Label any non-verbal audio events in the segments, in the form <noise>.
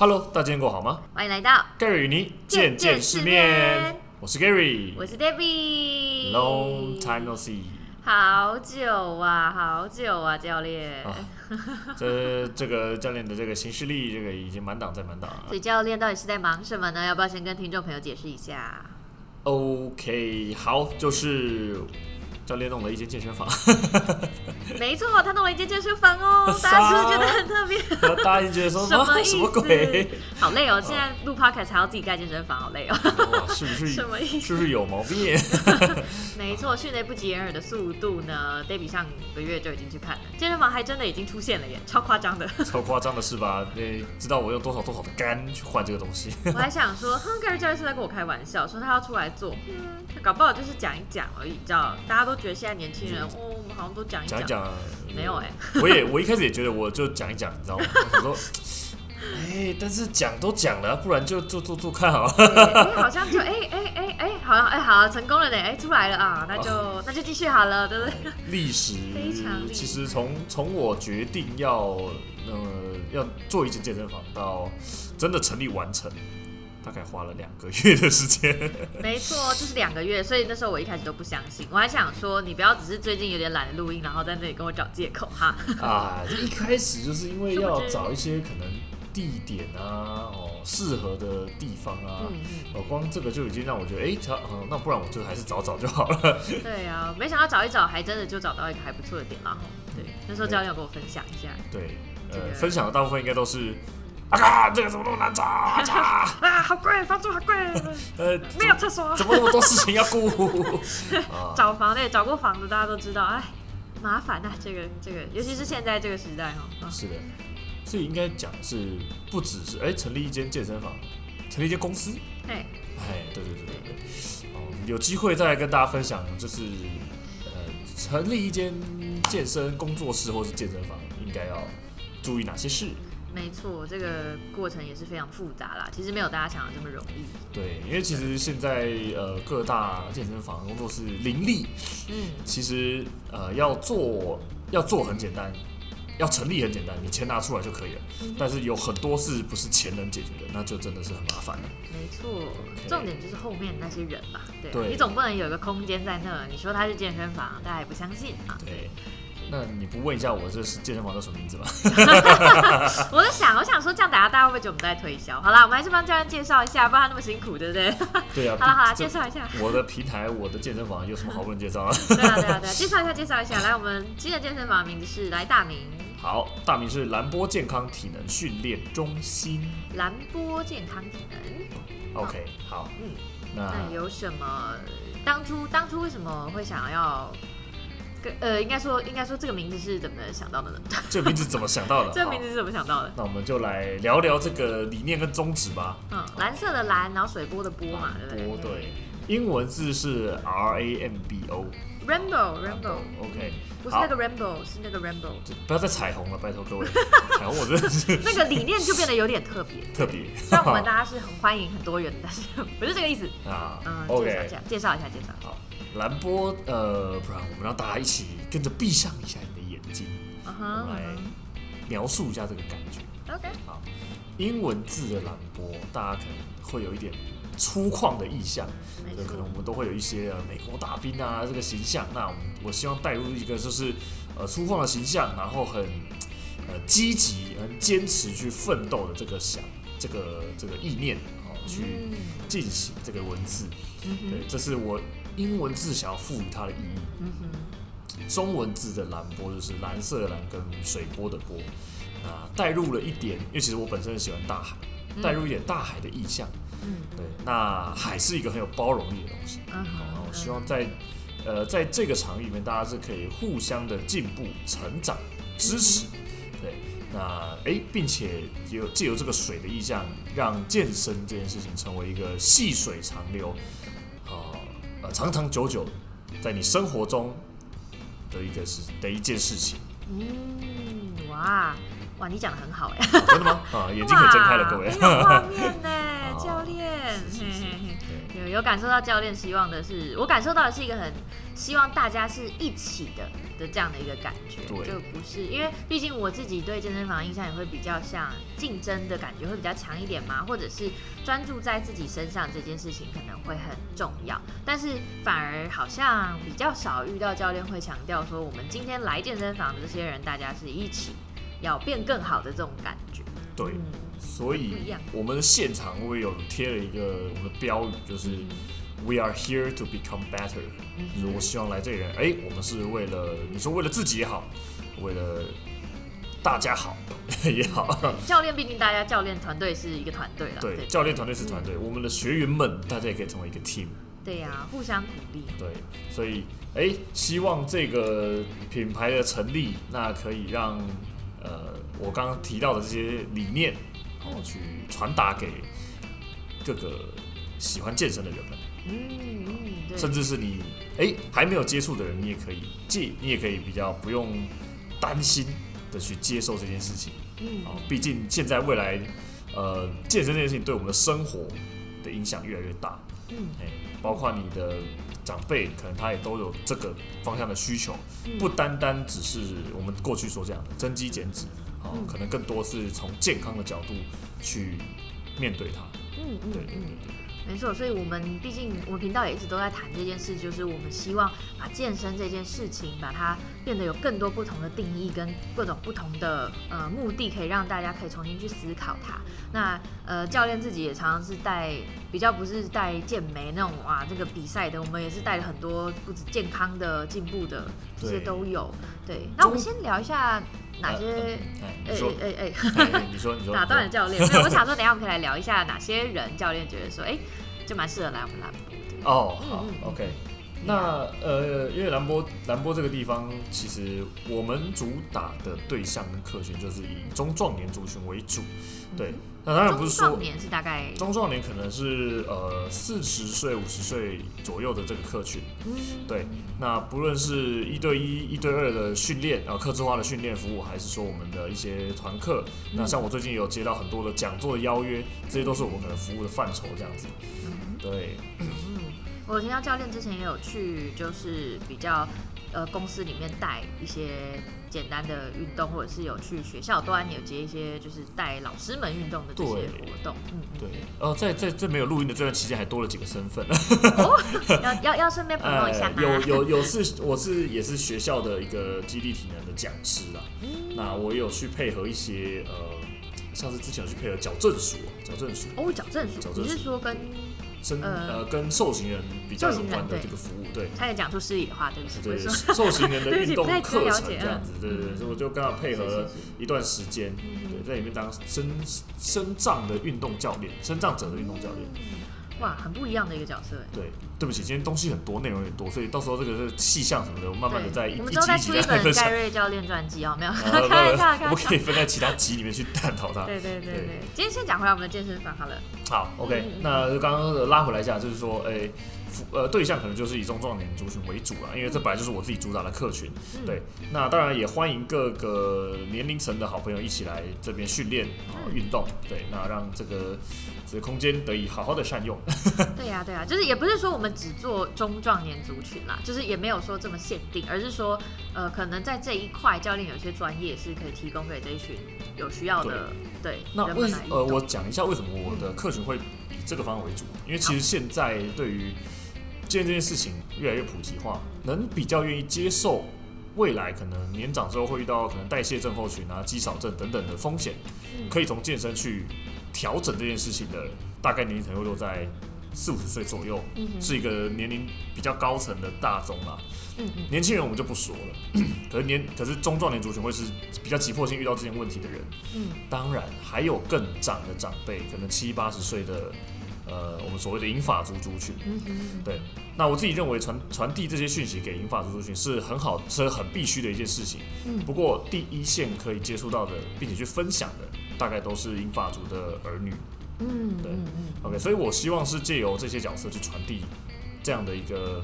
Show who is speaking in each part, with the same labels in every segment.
Speaker 1: Hello，大家過好嗎？
Speaker 2: 歡迎來到 Gary 與你見見世面。
Speaker 1: 我是 Gary，我是
Speaker 2: Debbie。Long
Speaker 1: time no see，
Speaker 2: 好久啊，好久啊，教練。
Speaker 1: 啊、這這個教練的這個行事曆，這個已經滿檔再滿檔了。所
Speaker 2: 以教練到底是在忙什麼呢？要不要先跟聽眾朋友解釋一下
Speaker 1: ？OK，好，就是。教練弄了一間健身房，
Speaker 2: <laughs> 沒錯，他弄了一間健身房哦，殺大家是不是覺得很特別？
Speaker 1: 大家覺得什麼什麼鬼？好累哦，哦現
Speaker 2: 在錄 podcast 還要自己蓋健身房，好累哦。 <laughs> 哦是不是？什麼意思？是不是有毛病？ <laughs> 沒錯，迅雷不及掩耳的速度呢，Baby 上個月就已經去看了。健身房還真的已經出現了耶，超誇張的。
Speaker 1: 超誇張的是吧？你、欸、知道我用多少多少的肝去換這個東西。我還
Speaker 2: 想說， <laughs> 蓋瑞教練是在跟我開玩笑，說他要出來做，嗯、他搞不好就是講一講而已，你知道？大家都覺得現在年輕人，嗯、哦，我們好像都講一講。講
Speaker 1: 一講、嗯、沒有
Speaker 2: 哎、欸。我也
Speaker 1: 我一開始也覺得，我就講一講，你知道嗎？ <laughs> 我說，哎、欸，但是講都講了，不然就做做做看好了。因、欸、
Speaker 2: 好像就哎哎哎哎。欸欸欸欸好，哎、欸，好，成功了呢，哎、欸，出來了啊，那就好那就繼續好了，對
Speaker 1: 不對？歷史非常厲害。其實從從我決定要呃，要做一間健身房到真的成立完成，大概花了兩個月的時間。沒錯，
Speaker 2: 就是兩個月。所以那時候我一開始都不相信，我還想說你不要只是最近有點懶得錄音，然後在那裡跟我找借口哈。
Speaker 1: 啊，啊就
Speaker 2: 一開始就是因為
Speaker 1: 要找一些可能地點啊，哦。適合的地方啊，嗯呃、光這個就已經讓我覺得，哎、欸，他、呃，那不然我就還是找找就好了。對
Speaker 2: 呀、啊，沒想到找一找，還真的就找到一個還不錯的點了對，那時候教練要跟我分享一下。對，對
Speaker 1: 對呃，分享的大部分應該都是對啊，這個怎麼那麼難找， <laughs> 啊、
Speaker 2: 好貴，房租好貴， <laughs> 呃，麼沒有廁所， <laughs> 怎麼那麼多事情要
Speaker 1: 顧？ <laughs> 啊、找
Speaker 2: 房嘞，找過房子，大家都知道，哎，麻煩啊，這個這個，尤其是現在這個時代哈。
Speaker 1: 哦、是的。所以應該講是不只是哎、欸，成立一間健身房，成立一間公司，哎、欸，哎、欸，對對對對對，哦、嗯，有機會再來跟大家分享，就是呃，成立一間健身工作室或是健身房，應該要注意哪些
Speaker 2: 事？沒錯，這個過程也是非常複雜啦，其實沒有大家想的這麼容易。
Speaker 1: 對，因為其實現在、嗯、呃各大健身房工作室林立，嗯，其實呃要做要做很簡單。嗯要成立很簡單，你錢拿出來就可以了。嗯、哼但是有很多事不是錢能解決的，那就真的是很麻煩了。
Speaker 2: 沒錯錯，Okay, 重點就是後面那些人嘛。對，啊、對，你總不能有一個空間在那，你說他是健身房，大家也不相信對啊。對，
Speaker 1: 那你不問一下我這是健身房叫什麼名字嗎？ <laughs> 我
Speaker 2: 在想，我想說這樣，等下大家會不會覺得我們在推銷？好了，我們還是幫教練介紹一下，不然他那麼辛苦，對不對？對啊。 <laughs> 好了好啦，介紹一下我的
Speaker 1: 平台，我的健身房有什麼好不能介紹啊， <laughs> 啊？對
Speaker 2: 啊對啊對啊，介紹一下介紹一下，來，我們今天的健身房名字是來大名。
Speaker 1: 好，大名是藍波健康體能訓練中心。
Speaker 2: 藍波健康體能，OK，好，嗯，
Speaker 1: 那，那有
Speaker 2: 什麼？當初當初為什麼會想要跟？呃，應該說應該說這個名字是怎麼想到的呢？
Speaker 1: 這個名字怎麼想到的？ <laughs> 這個名
Speaker 2: 字是怎麼想到的？
Speaker 1: 那我們就來聊聊這個理念跟宗旨吧。嗯，
Speaker 2: 藍色的藍，然後水波的波嘛，波，對不對？
Speaker 1: 對，英文字是 R A M B O。
Speaker 2: Rainbow, Rainbow，OK，不是那個 Rainbow，是那個 Rainbow。不
Speaker 1: 要再彩虹了，拜託各位，彩虹我真的是。那個
Speaker 2: 理念就變得有點特別。
Speaker 1: 特別，雖然我們大家
Speaker 2: 是很歡迎很多元，但是不是這個意思。啊，介
Speaker 1: 紹一下，
Speaker 2: 介紹一下，介紹一下。
Speaker 1: 好，藍波，呃，不然我們讓大家一起跟着閉上一下你的眼睛，
Speaker 2: 來
Speaker 1: 描述一下這個感覺。
Speaker 2: OK，好，
Speaker 1: 英文字的藍波，大家可能會有一點。粗獷的意象，就可能我們都會有一些美國大兵啊這個形象。那我希望帶入一個就是呃粗獷的形象，然後很呃積極、很堅持去奮鬥的這個想、這個這個意念，哦，去進行這個文字。對，這是我英文字想要賦予它的意義。中文字的藍波就是藍色的藍跟水波的波，啊，帶入了一點，因為其實我本身很喜歡大海，帶入一點大海的意象。嗯，對，那海是一個很有包容力的東西。好，我希望在、嗯、呃在這個場域裡面，大家是可以互相的進步、成長、支持。嗯、對，那哎、欸，並且有借由，由這個水的意象，讓健身這件事情成為一個細水長流，啊呃長長久久，在你生活中的一個事的一件事情。
Speaker 2: 嗯，哇哇，你講得很好哎、欸， <laughs> 真的嗎？
Speaker 1: 啊，眼睛可以睜開了，哇各位。 <laughs>
Speaker 2: 教練，哦、是是是有有感受到教練希望的是，我感受到的是一個很希望大家是一起的的這樣的一個感覺，對就不是因為畢竟我自己對健身房印象也會比較像競爭的感覺會比較強一點嘛，或者是專注在自己身上這件事情可能會很重要，但是反而好像比較少遇到教練會強調說，我們今天來健身房的這些人，大家是一起要變更好的這種感覺，
Speaker 1: 對。嗯所以，我們的現場我有貼了一個我們的標語，就是 We are here to become better。就是我希望來這裡的人，哎，我們是為了你說為了自己也好，為了大家好也好。教
Speaker 2: 練畢竟大家教練團隊是一個團隊啦，
Speaker 1: 對，教練團隊是團隊，我們的學員們大家也可以成為一個 team。
Speaker 2: 對呀，互相鼓勵。
Speaker 1: 對，所以，哎，希望這個品牌的成立，那可以讓呃我剛剛提到的這些理念。然後去傳達給各個喜歡健身的人們，嗯、甚至是你誒還沒有接觸的人，你也可以，即你也可以比較不用擔心的去接受這件事情，嗯，嗯畢竟現在未來，呃，健身這件事情對我們的生活的影響越來越大，嗯，包括你的長輩，可能他也都有這個方向的需求，嗯、不單單只是我們過去說這樣的增肌減脂。哦，可能更多是從健康的角度去面對它。
Speaker 2: 嗯嗯,嗯，對對對，沒錯。所以，我們畢竟，我們頻道也一直都在談這件事，就是我們希望把健身這件事情，把它。變得有更多不同的定義跟各種不同的呃目的，可以讓大家可以重新去思考它。那呃，教練自己也常常是帶比較不是帶健美那種哇，這個比賽的，我們也是帶了很多不止健康的進步的這些都有。對，那我們先聊一下哪些？哎哎哎，你說你說哪段的教練？說說說沒有，我想說等一下我們可以來聊一下哪些人 <laughs> 教練覺得說哎、欸，就蠻適合來我們藍波的。哦，嗯 OK
Speaker 1: 那呃，因為藍波藍波這個地方，其實我們主打的對象跟客群就是以中壯年族群為主。嗯、對，那當然不是說中壯年
Speaker 2: 是大概中
Speaker 1: 壯年可能是呃四十歲五十歲左右的這個客群。嗯、對，那不論是一對一、一對二的訓練啊，然後客制化的訓練服務，還是說我們的一些團課，嗯、那像我最近有接到很多的講座的邀約，嗯、這些都是我們可能服務的範疇這樣子。嗯、對。嗯
Speaker 2: 我聽到教練之前也有去，就是比較，呃，公司裡面帶一些簡單的運動，或者是有去學校端有接一些，就是帶老師們運動的這些活動。對嗯，嗯，對。
Speaker 1: 哦、呃，在在在沒有錄音的這段期間，還多了幾個身份、哦呵。
Speaker 2: 要要要順便 promo 一下嗎？呃、有有有，是
Speaker 1: 我是也是學校的一個激勵體能的講師啊。嗯。那我也有去配合一些呃，上次之前有去配合矯正署，矯正署哦，
Speaker 2: 矯正署，正正你是說跟？呃，
Speaker 1: 跟受刑人比較有關的這個服務，對，他
Speaker 2: 也講出詩意的話，對不對？對受刑人的運動課程這樣子，
Speaker 1: 對對對，所以我就剛好配合了一段時間，是是是，對，在裡面當身身障的運動教練，身障者的運動教練。
Speaker 2: 哇，很不一樣的一個角色、欸。
Speaker 1: 對，對不起，今天東西很多，內容也很多，所以到時候這個細項什麼的，我慢慢的在。我們都在出一本蓋瑞
Speaker 2: 教練傳記哦，沒有？ <laughs> <laughs> 不看我們可以分在
Speaker 1: 其他集裡面去探討它。 <laughs> 對對對，對，對，對，對。
Speaker 2: 今天先講回來我們的健身房好了。
Speaker 1: 好，OK，嗯嗯嗯，那就剛剛拉回來一下，就是說，哎、欸。呃，對象可能就是以中壯年族群為主了，因為這本來就是我自己主打的客群。嗯、對，那當然也歡迎各個年齡層的好朋友一起來這邊訓練啊，嗯、運動。對，那讓這個這個空間得以好好的善用。
Speaker 2: 對呀、啊，對呀、啊，就是也不是說我們只做中壯年族群啦，就是也沒有說這麼限定，而是說呃，可能在這一塊教練有些專業是可以提供給這一群有需要的。對，對那為呃，
Speaker 1: 我講一下為什麼我的客群會以這個方向為主，因為其實現在對於健身這件事情越來越普及化，能比較願意接受未來可能年長之後會遇到可能代謝症候群啊、肌少症等等的風險，嗯、可以從健身去調整這件事情的，大概年齡可能會落在四五十歲左右，嗯、哼是一個年齡比較高層的大宗嘛。嗯嗯年輕人我們就不說了，可是年可是中壯年族群會是比較急迫性遇到這些問題的人。嗯、當然還有更長的長輩，可能七八十歲的。呃，我們所謂的銀髮族族群，對，那我自己認為傳傳遞這些訊息給銀髮族族群是很好，是很必須的一件事情。不過第一線可以接觸到的，並且去分享的，大概都是銀髮族的兒女。嗯，對，OK，所以我希望是借由這些角色去傳遞這樣的一個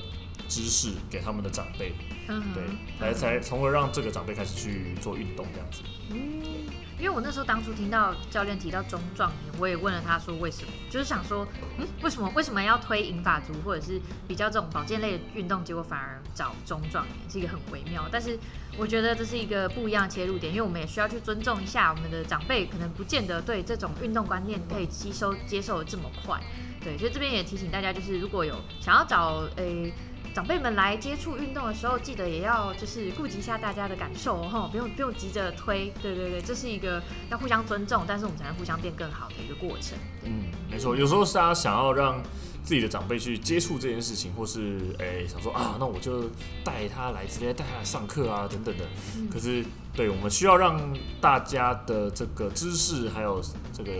Speaker 1: 知識給他們的長輩，
Speaker 2: 對，來才
Speaker 1: 從而讓這個長輩開始去做運動這樣子。
Speaker 2: 對。因為我那時候當初聽到教練提到中壯年，我也問了他說為什麼，就是想說，嗯，為什麼為什麼要推銀髮族，或者是比較這種保健類的運動，結果反而找中壯年是一個很微妙，但是我覺得這是一個不一樣的切入點，因為我們也需要去尊重一下我們的長輩，可能不見得對這種運動觀念可以吸收接受，接受得這麼快，對，所以這邊也提醒大家，就是如果有想要找誒。欸長輩們來接觸運動的時候，記得也要就是顧及一下大家的感受哦，哈，不用不用急着推，對對對，這是一個要互相尊重，但是我們才能互相變更好的一個過程。
Speaker 1: 嗯，沒錯，有時候大家想要讓自己的長輩去接觸這件事情，或是誒、欸、想說啊，那我就帶他來，直接帶他來上課啊，等等的。可是，嗯、對，我們需要讓大家的這個知識，還有這個。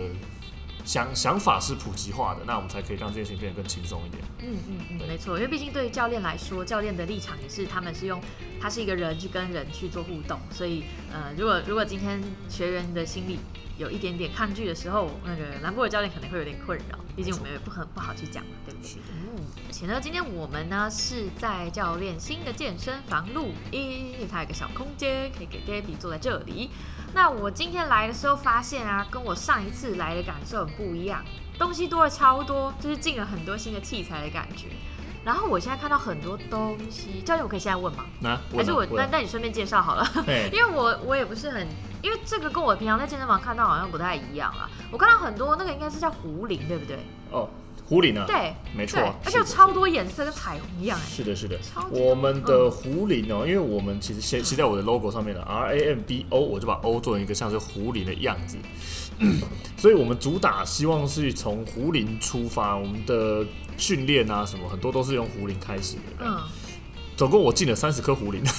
Speaker 1: 想想法是普及化的，那我們才可以讓這件事情變得更輕鬆一點。
Speaker 2: 嗯嗯嗯，沒錯，因為畢竟對於教練來說，教練的立場也是，他們是用他是一個人去跟人去做互動，所以呃，如果如果今天學員的心理有一點點抗拒的時候，那個蘭博的教練可能會有點困擾，畢竟我們也不很不好去講嘛，沒錯。對不對？而且呢，今天我們呢是在教練新的健身房錄音，因為它有一個小空間，可以給爹地坐在這裡。那我今天來的時候發現啊，跟我上一次來的感受很不一樣，東西多了超多，就是進了很多新的器材的感覺。然後我現在看到很多東西。教練，我可以現在問嗎？
Speaker 1: 啊、問還是我了那那
Speaker 2: 你順便介紹好了， <laughs> 因為我我也不是很，因為這個跟我平常在健身房看到好像不太一樣啊。我看到很多那個應該是叫壺鈴，對不對？哦。
Speaker 1: 狐狸呢？啊、對，沒錯、啊，對的而且
Speaker 2: 有超多顏色跟彩虹一樣是的，
Speaker 1: 是的，是的的我們的壺鈴呢？嗯、因為我們其實寫寫在我的 logo 上面的、啊、R A M B O，我就把 O 做成一個像是壺鈴的樣子，嗯、所以我們主打希望是從壺鈴出發，我們的訓練啊什麼很多都是用壺鈴開始的。嗯。總共我進了三十顆壺鈴，對，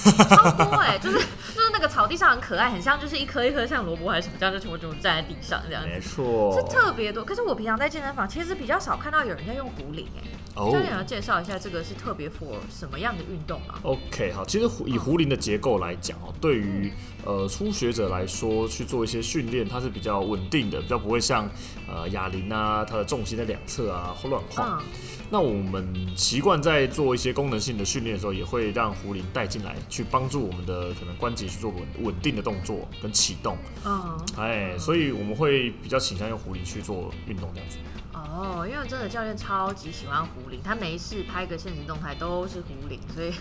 Speaker 2: <laughs> 就是就是那個草地上很可愛，很像就是一顆一顆像蘿蔔還是什麼，這樣就全部就站在地上這樣子，沒錯錯，是特別多。可是我平常在健身房其實比較少看到有人在用壺鈴哦，就想、oh. 要介紹一下這個是特別 for 什麼樣的運動啊
Speaker 1: ？OK，好，其實壺以壺鈴的結構來講哦，嗯、對於呃初學者來說去做一些訓練，它是比較穩定的，比較不會像呃啞鈴啊，它的重心在兩側啊或亂晃。嗯、那我們習慣在做一些功能性的訓練的時候也。會讓壺鈴帶進來，去幫助我們的可能關節去做穩穩定的動作跟啟動。哦哎、嗯，哎，所以我們會比較傾向用壺鈴去做運動這樣子。
Speaker 2: 哦，因為真的教練超級喜歡壺鈴，他沒事拍個限時動態都是壺鈴，所以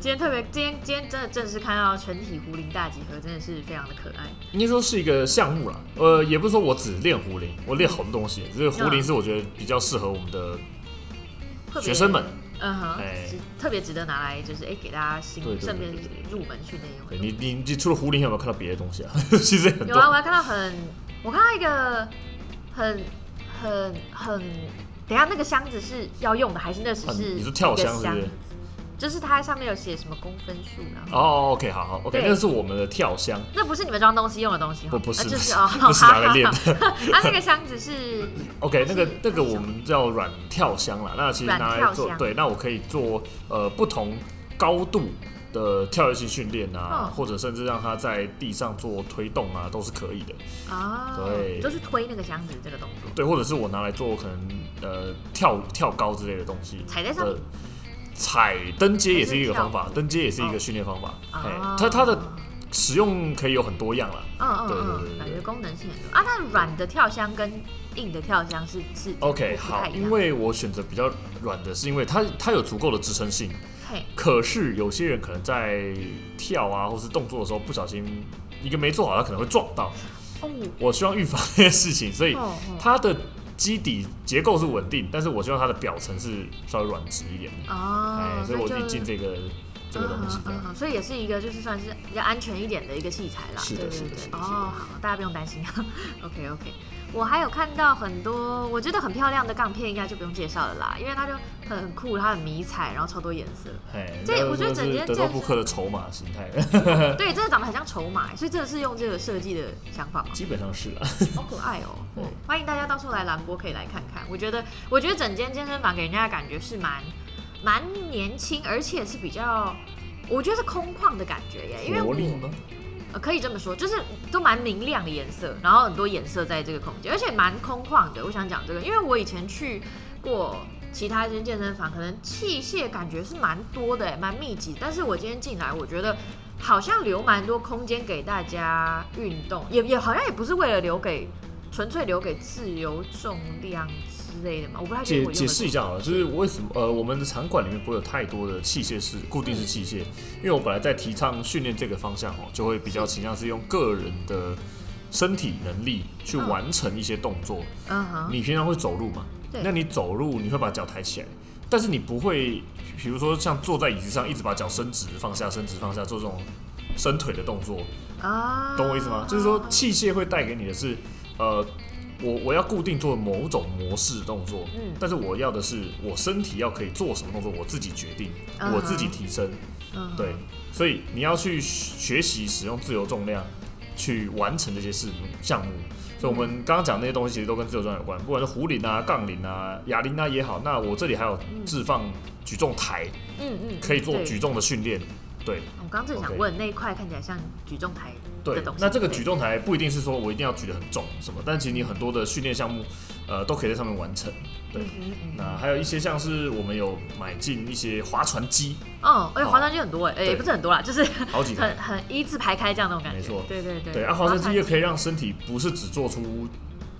Speaker 2: 今天特別今天今天真的正式看到全體壺鈴大集合，真的是非常的可愛。
Speaker 1: 應該說是一個項目了，呃，也不是說我只練壺鈴，我練好多東西，嗯、只是壺鈴是我覺得比較適合我們的、嗯、
Speaker 2: 學生們。嗯哼、uh huh, Hey,，特別值得拿來，就是誒、欸，給大家新順便入門訓練
Speaker 1: 用的。你你你除了壺鈴有沒有看到別的東西啊？有 <laughs> 其實很多有啊，我還
Speaker 2: 看到很，我看到一個很很很，等下那個箱子是要用的還是那只是一個箱子？啊就是它上面有寫什麼公分數
Speaker 1: 呢？哦，OK，好好，OK，那是我們的跳箱。
Speaker 2: 那不是你們裝東西用的東西，不不是，就是哦，不是拿來練的。它那個箱子是
Speaker 1: OK，那個那個我們叫軟跳箱啦。那其實拿來做對，那我可以做呃不同高度的跳躍性訓練啊，或者甚至讓它在地上做推動啊，都是可以的。
Speaker 2: 啊，對，就是推那個箱子這個動作。
Speaker 1: 對，或者是我拿來做可能呃跳跳高之類的東西，踩在上面。踩蹬階也是一個方法，蹬階也是一個訓練方法。
Speaker 2: 哎，它它
Speaker 1: 的使用可以有很多樣了、嗯。嗯嗯嗯，感覺
Speaker 2: 功能性很多。啊，但軟的跳箱跟硬的跳箱是是,是 OK 不是不太一樣的好，因
Speaker 1: 為我選擇比較軟的是因為它它有足夠的支撐性。嘿，可是有些人可能在跳啊，或是動作的時候不小心一個沒做好，他可能會撞到。哦，我希望預防這件事情，哦、所以它的。基底結構是穩定，但是我希望它的表層是稍微軟質一點哦。哎、
Speaker 2: oh, 欸，所以我就進這個
Speaker 1: 就這個東西這樣、嗯嗯嗯
Speaker 2: 嗯嗯，所以也是一個就是算是比較安全一點的一個器材啦，是的，是的，哦，oh, 的好，大家不用擔心啊，OK，OK。 <laughs> okay, okay. 我還有看到很多我覺得很漂亮的槓片，應該就不用介紹了啦，因為它就很酷，它很迷彩，然後超多顏色。這嘿我覺得整間德州撲克
Speaker 1: 的籌碼形態， <laughs> 對，
Speaker 2: 這個長得很像籌碼，所以這個是用這個設計的想法嘛？基本上是啊，好、 <laughs> 哦、可愛哦、嗯，歡迎大家到時候來藍波可以來看看。我覺得，我覺得整間健身房給人家的感覺是蠻蠻年輕，而且是比較我覺得是空曠的感覺耶，因為。呃，可以這麼說，就是都蠻明亮的顏色，然後很多顏色在這個空間，而且蠻空曠的。我想講這個，因為我以前去過其他一間健身房，可能器械感覺是蠻多的，欸，蠻密集。但是我今天進來，我覺得好像留蠻多空間給大家運動，也也好像也不是為了留給純粹留給自由重量。我不我解解釋一下好
Speaker 1: 了，就是為什麼呃，我們的場館裡面不會有太多的器械式固定式器械。因為我本來在提倡訓練這個方向哦、喔，就會比較傾向是用個人的身體能力去完成一些動作。嗯嗯、你平常會走路嘛？對那你走路你會把腳抬起來，但是你不會，比如說像坐在椅子上一直把腳伸直放下伸直放下做這種伸腿的動作、
Speaker 2: 啊、懂
Speaker 1: 我意思嗎？啊、就是說器械會帶給你的是呃。我我要固定做某種模式的動作，嗯、但是我要的是我身體要可以做什麼動作，我自己決定，uh huh. 我自己提升。Uh huh. 對，所以你要去學習使用自由重量去完成這些事項目。所以我們剛剛講那些東西其實都跟自由重量有關，嗯、不管是壺鈴啊、槓鈴啊、啞鈴啊也好。那我這裡還有置放舉重台，嗯嗯，嗯
Speaker 2: 嗯可以做舉
Speaker 1: 重的訓練對。對，
Speaker 2: 我剛正想問，問 Okay 那一塊看起來像舉重台。對，那這個舉
Speaker 1: 重台不一定是說我一定要舉得很重什麼，但其實你很多的訓練項目，呃，都可以在上面完成。
Speaker 2: 對，嗯哼嗯哼，那
Speaker 1: 還有一些像是我們有買進一些划船機。
Speaker 2: 哦，而且，欸、划船機很多哎，欸，欸，對也不是很多啦，就是很好幾台，很，很一字排開這樣那種感覺。沒錯，對對對，對。對啊，划船機又可以
Speaker 1: 讓身體不是只做出。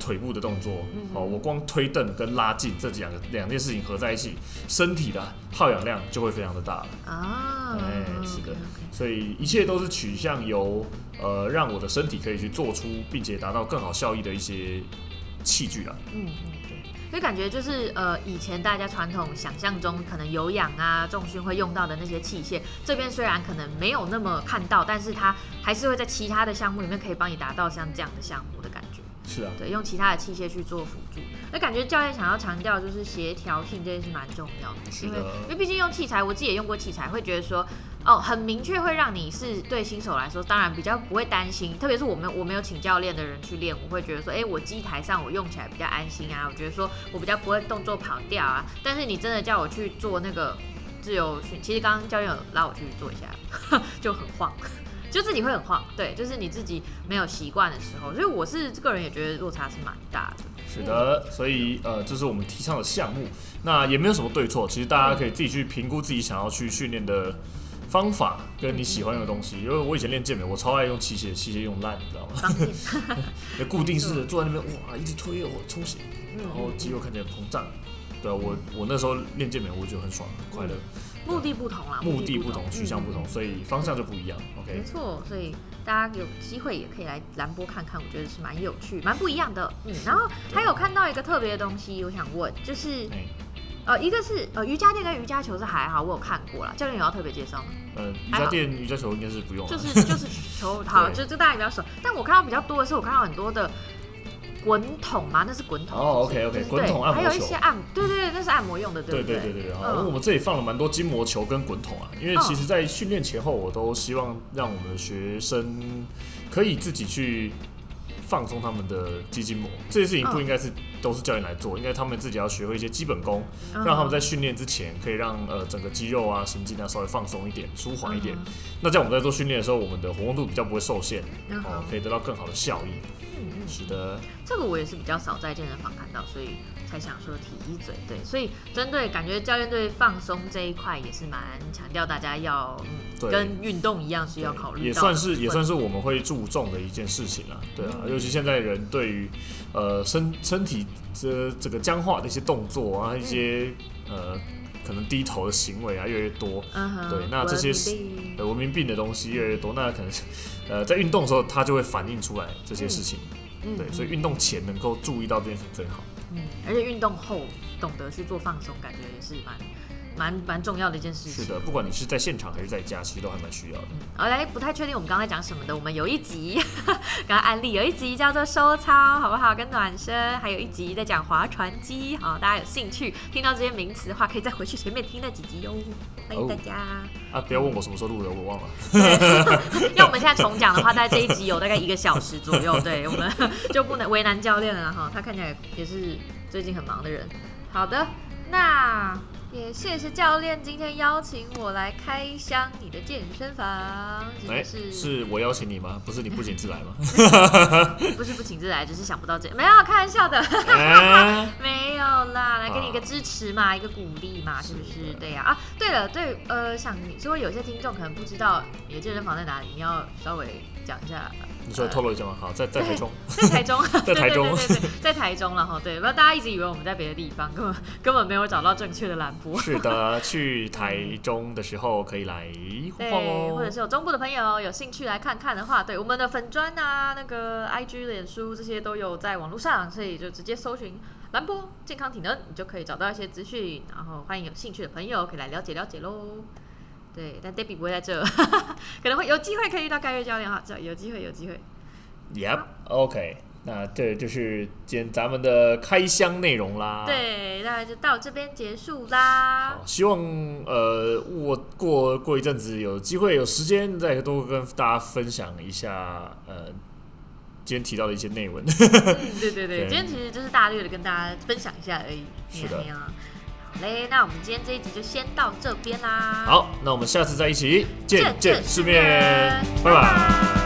Speaker 1: 腿部的動作，嗯、哼哦，我光推蹬跟拉近這兩個兩件事情合在一起，身體的耗氧量，就會非常的大了啊。哦、
Speaker 2: 哎，是的，
Speaker 1: 哦、okay, okay。所以一切都是取向由呃讓我的身體可以去做出並且達到更好效益的一些器具啊。嗯嗯，
Speaker 2: 對，所以感覺就是呃以前大家傳統想象中可能有氧啊重訓會用到的那些器械，這邊雖然可能沒有那麼看到，但是它還是會在其他的項目裡面可以幫你達到像這樣的項目的感覺。是啊，對，用其他的器械去做輔助，那感覺教練想要強調就是協調性，這件事蠻重要的。的因為，因為畢竟用器材，我自己也用過器材，會覺得說，哦，很明確，會讓你是對新手來說，當然比較不會擔心。特別是我們我沒有請教練的人去練，我會覺得說，哎、欸，我機台上我用起來比較安心啊，我覺得說，我比較不會動作跑掉啊。但是你真的叫我去做那個自由訓，其實剛剛教練有拉我去做一下，就很晃。就自己會很晃，對，就是你自己沒有習慣的時候，所以我是個人也覺得落差是蠻大的。
Speaker 1: 是的，所以呃，這、就是我們提倡的項目，那也沒有什麼對錯，其實大家可以自己去評估自己想要去訓練的方法，跟你喜歡用的東西。因為我以前練健美，我超愛用器械，器械用爛，你知道嗎？然 <laughs> 固定式的，坐在那邊哇，一直推，我充血，然後肌肉看起來膨脹。對啊，我我那時候練健美，我覺得很爽，很快樂。嗯
Speaker 2: 目的不同啦，目的不同，取向不同，嗯、
Speaker 1: 所以方向就不一樣。嗯、OK，沒錯，
Speaker 2: 所以大家有機會也可以來藍波看看，我覺得是蠻有趣、蠻不一樣的。嗯，然後還有看到一個特別的東西，我想問，就是，對呃，一個是呃瑜伽墊跟瑜伽球是還好，我有看過啦，教練有要特別介紹嗎？嗯、呃，瑜
Speaker 1: 伽墊、瑜伽球應該是不用，就
Speaker 2: 是就是球，好， <laughs> 對就就大家比較熟。但我看到比較多的是，我看到很多的。滾筒嗎？那是滾筒。oh, okay, okay, 筒。哦，OK OK，滾筒、按摩球還有一些按，對對，對，那是按摩用的，對對對，對對對。好，因為、嗯、我們
Speaker 1: 這裡放了蠻多筋膜球跟滾筒啊，因為其實，在訓練前後，我都希望讓我們的學生可以自己去放鬆他們的肌筋膜。這些事情不應該是都是教練來做，嗯、應該他們自己要學會一些基本功，讓他們在訓練之前可以讓呃整個肌肉啊、神經啊稍微放鬆一點、舒緩一點。嗯、那在我們在做訓練的時候，我們的活動度比較不會受限，哦、嗯嗯，可以得到更好的效益。的、
Speaker 2: 嗯、這個我也是比較少在健身房看到，所以才想說提一嘴。對，所以針對感覺教練對放鬆這一塊也是蠻強調，大家要、嗯、對跟運動一樣是要考慮，也算是題也算是我
Speaker 1: 們會注重的一件事情啊。對啊，嗯、尤其現在人對於呃身身體這這個僵化的一些動作啊，嗯、一些呃可能低頭的行為啊越來越多。嗯、哼對，那這些對文明病的東西越來越多，那可能呃在運動的時候，它就會反映出來這些事情。嗯對，所以運動前能夠注意到這件事最好。
Speaker 2: 嗯，而且運動後懂得去做放鬆，感覺也是蠻。蠻蠻重要的一件事情。是的，
Speaker 1: 不管你是在現場還是在家，其實都還蠻需要的。
Speaker 2: 我來、okay, 不太確定我們剛才講什麼的，我們有一集剛安利，剛剛案例有一集叫做收操，好不好？跟暖身，還有一集在講划船機，好，大家有興趣聽到這些名詞的話，可以再回去前面聽那幾集喲、哦。歡迎
Speaker 1: 大家、哦、啊！不要問我什麼時候錄的，我忘
Speaker 2: 了。 <laughs> 因為我們現在重講的話，在這一集有大概一個小時左右，對，我們就不能為難教練了哈，他看起來也是最近很忙的人。好的，那。也謝謝教練今天邀請我來開箱你的健身房。哎是是、欸，是
Speaker 1: 我邀請你嗎？不是你不請自來嗎？ <laughs>
Speaker 2: 不是不請自來，只、就是想不到這，沒有開玩笑的，欸、 <laughs> 沒有啦，來給你一個支持嘛，啊、一個鼓勵嘛，是不是？是的對呀，啊，對了，對，呃，想，因為有些聽眾可能不知道你的健身房在哪裡，你要稍微講一下。你說透
Speaker 1: 露一下嘛。好，在在台中，在台中，對在台中，
Speaker 2: <laughs> 在台中了哈。對，不然大家一直以為我們在別的地方，根本根本沒有找到正確的藍波。是的，
Speaker 1: 去台中的時候可以來玩玩。對，或者
Speaker 2: 是有中部的朋友有興趣來看看的話，對我們的粉專啊、那個 IG、臉書這些都有在網絡上，所以就直接搜尋藍波健康體能，你就可以找到一些資訊。然後歡迎有興趣的朋友可以來了解了解嘍。對，但 Debbie 不會在這，可能會有機會可以遇到蓋瑞教練哈，這有機會有機會。
Speaker 1: Yep，OK，好，okay，那這就是今天咱們的開箱內容啦。
Speaker 2: 對，那就到這邊結束啦。
Speaker 1: 希望呃，我過過一陣子有機會有時間再多跟大家分享一下呃，今天提到的一些內文，嗯。對對對，對，今天其實
Speaker 2: 就是大略的跟大家分享一下而已，是的。嘞、欸，那我們今天這一集就先到這邊啦。
Speaker 1: 好，那我們下次再一起見見世面。見見順便，拜拜。拜拜。